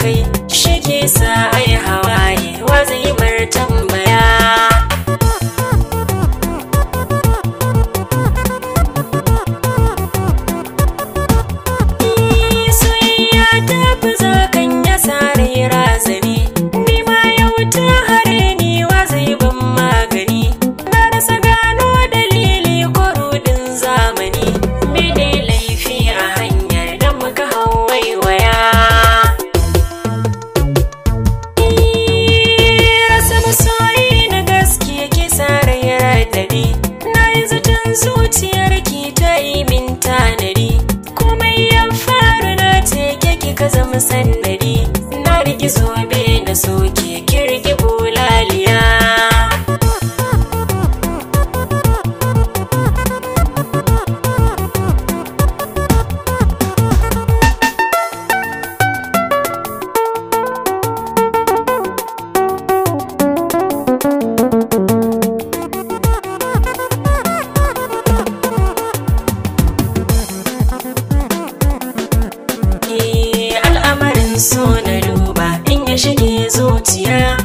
kai shi ke sa ai hawa san dari na rigi zobe da soke so na duba in ya shige zuciya